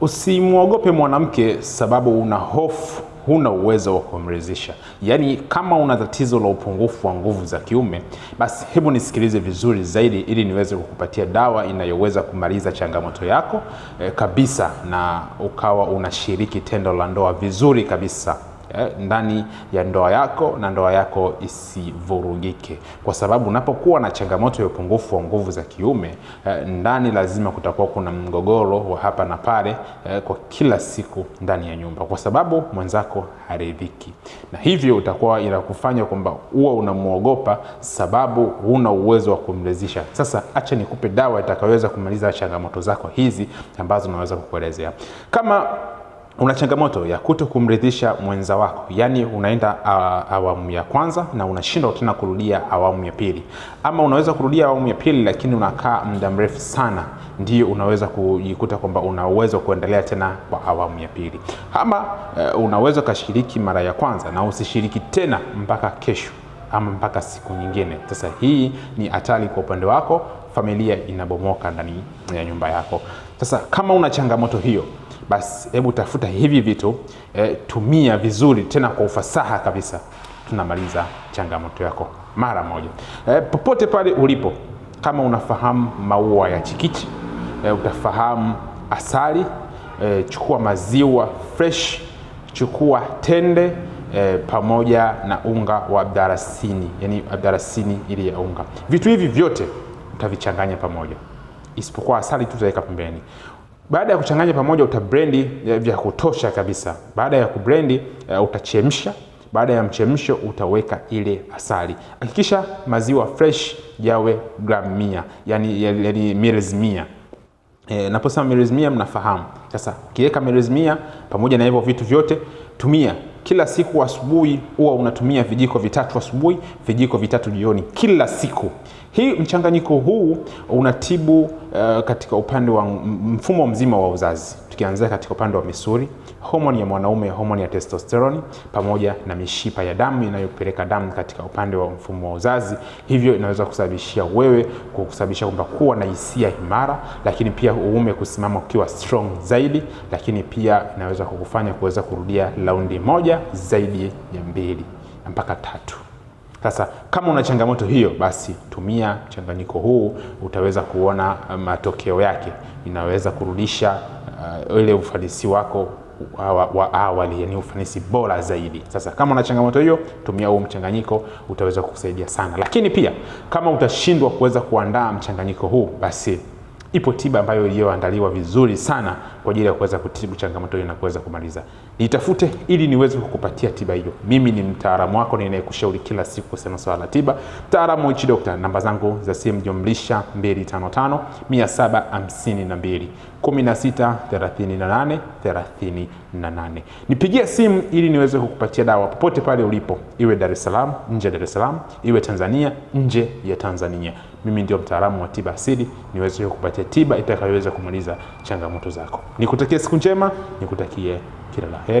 Usimwogope mwanamke sababu una hofu, huna uwezo wa kumridhisha. Yaani, kama una tatizo la upungufu wa nguvu za kiume, basi hebu nisikilize vizuri zaidi, ili niweze kukupatia dawa inayoweza kumaliza changamoto yako eh, kabisa, na ukawa unashiriki tendo la ndoa vizuri kabisa eh, ndani ya ndoa yako na ndoa yako isivurugike, kwa sababu unapokuwa na changamoto ya upungufu wa nguvu za kiume eh, ndani lazima kutakuwa kuna mgogoro wa hapa na pale eh, kwa kila siku ndani ya nyumba, kwa sababu mwenzako haridhiki, na hivyo utakuwa inakufanya kwamba huwa unamwogopa, sababu huna uwezo wa kumridhisha. Sasa acha nikupe dawa itakayoweza kumaliza changamoto zako hizi ambazo naweza kukuelezea kama una changamoto ya kuto kumridhisha mwenza wako, yaani unaenda awamu ya kwanza na unashindwa tena kurudia awamu ya pili, ama unaweza kurudia awamu ya pili lakini unakaa muda mrefu sana, ndio unaweza kujikuta kwamba una uwezo kuendelea tena kwa awamu ya pili. Ama uh, unaweza ukashiriki mara ya kwanza na usishiriki tena mpaka kesho ama mpaka siku nyingine. Sasa hii ni hatari kwa upande wako familia inabomoka ndani ya nyumba yako. Sasa kama una changamoto hiyo, basi hebu tafuta hivi vitu e, tumia vizuri tena kwa ufasaha kabisa, tunamaliza changamoto yako mara moja. E, popote pale ulipo, kama unafahamu maua ya chikichi e, utafahamu asali e, chukua maziwa fresh, chukua tende E, pamoja na unga wa abdarasini, yani abdarasini ile ya unga. Vitu hivi vyote utavichanganya pamoja, isipokuwa asali tu utaweka pembeni. Baada ya kuchanganya pamoja, utabrendi eh, vya kutosha kabisa. Baada ya kubrendi uh, utachemsha baada ya mchemsho utaweka ile asali. Hakikisha maziwa fresh yawe gramu mia, yani, yani mililita mia. E, naposema mililita mia mnafahamu. Sasa ukiweka mililita mia pamoja na hivyo vitu vyote, tumia kila siku asubuhi, huwa unatumia vijiko vitatu asubuhi, vijiko vitatu jioni, kila siku. Hii mchanganyiko huu unatibu uh, katika upande wa mfumo mzima wa uzazi, tukianzia katika upande wa misuli, homoni ya mwanaume, homoni ya testosteroni, pamoja na mishipa ya damu inayopeleka damu katika upande wa mfumo wa uzazi. Hivyo inaweza kusababishia wewe kusababisha kwamba kuwa na hisia imara, lakini pia uume kusimama ukiwa strong zaidi, lakini pia inaweza kukufanya kuweza kurudia laundi moja zaidi ya mbili mpaka tatu. Sasa kama una changamoto hiyo, basi tumia mchanganyiko huu, utaweza kuona eh, matokeo yake. Inaweza kurudisha uh, ile ufanisi wako wa, wa awali, yani ufanisi bora zaidi. Sasa kama una changamoto hiyo, tumia huu mchanganyiko, utaweza kukusaidia sana. Lakini pia kama utashindwa kuweza kuandaa mchanganyiko huu, basi ipo tiba ambayo iliyoandaliwa vizuri sana kwa ajili ya kuweza kutibu changamoto hiyo na kuweza kumaliza. Nitafute ili niweze kukupatia tiba hiyo. Mimi ni mtaalamu wako ninayekushauri kila siku kusema swala la tiba, mtaalamu H Doctor. Namba zangu za simu jumlisha 255 752 16 Nipigie simu ili niweze kukupatia dawa popote pale ulipo, iwe Dar es Salaam, nje ya Dar es Salaam, iwe Tanzania, nje ya Tanzania. Mimi ndio mtaalamu wa tiba asili, niweze kukupatia tiba itakayoweza kumaliza changamoto zako. Nikutakie siku njema, nikutakie kila la heri.